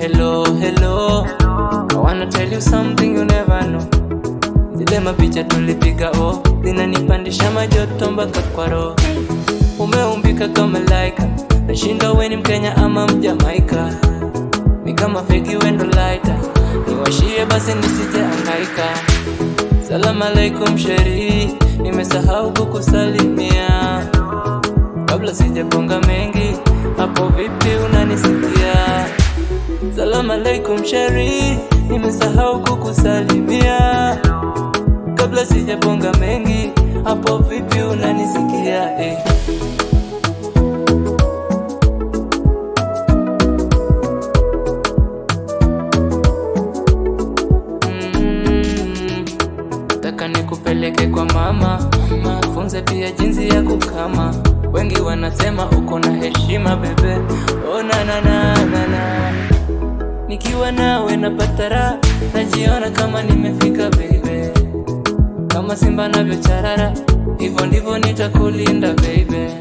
Hello, hello. I wanna tell you something you never know. Zile mapicha tulipiga oh, zinanipandisha majoto mpaka kwa roho. Umeumbika kama laika, nashinda we ni Mkenya ama Mjamaika kama fegi wendo laita niwashie basi nisije angaika. Salamu alaikum sheri, nimesahau kukusalimia kabla sijagonga mengi hapo, vipi unanisikia? Salamu alaikum sheri, nimesahau kukusalimia kabla sijagonga mengi hapo, vipi unanisikia eh? nikupeleke kwa mama, mafunze pia jinsi ya kukama. Wengi wanasema uko na heshima bebe, oh, na, na, na, na, na. Nikiwa nawe napata raha, najiona kama nimefika bebe, kama simba navyocharara, hivyo ndivyo nitakulinda bebe.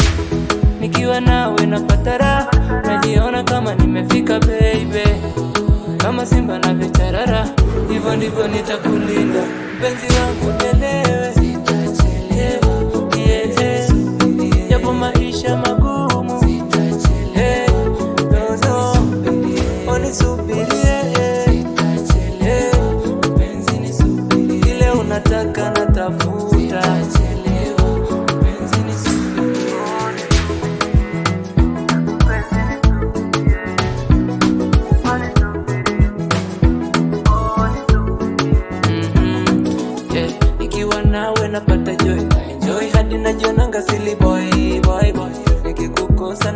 Nikiwa nawe napata raha, najiona kama nimefika bebe, kama simba navyocharara hivyo ndivyo nitakulinda mpenzi wangu, elewe, sitachelewa japo maisha magumu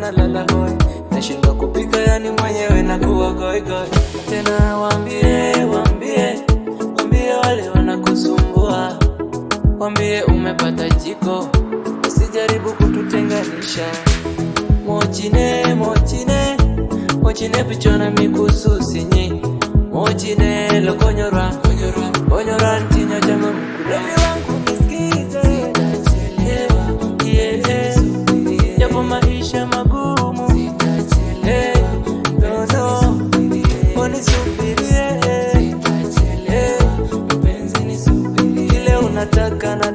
na lala hoi, nashindwa kupika yani mwenyewe na kuwa goi goi. Tena wambie wambie wambie wale wanakusumbua, wambie umepata jiko, usijaribu kututenganisha. Mochine mochine mochine pichona mikususinyi mochine lokonyora konyora. nataka na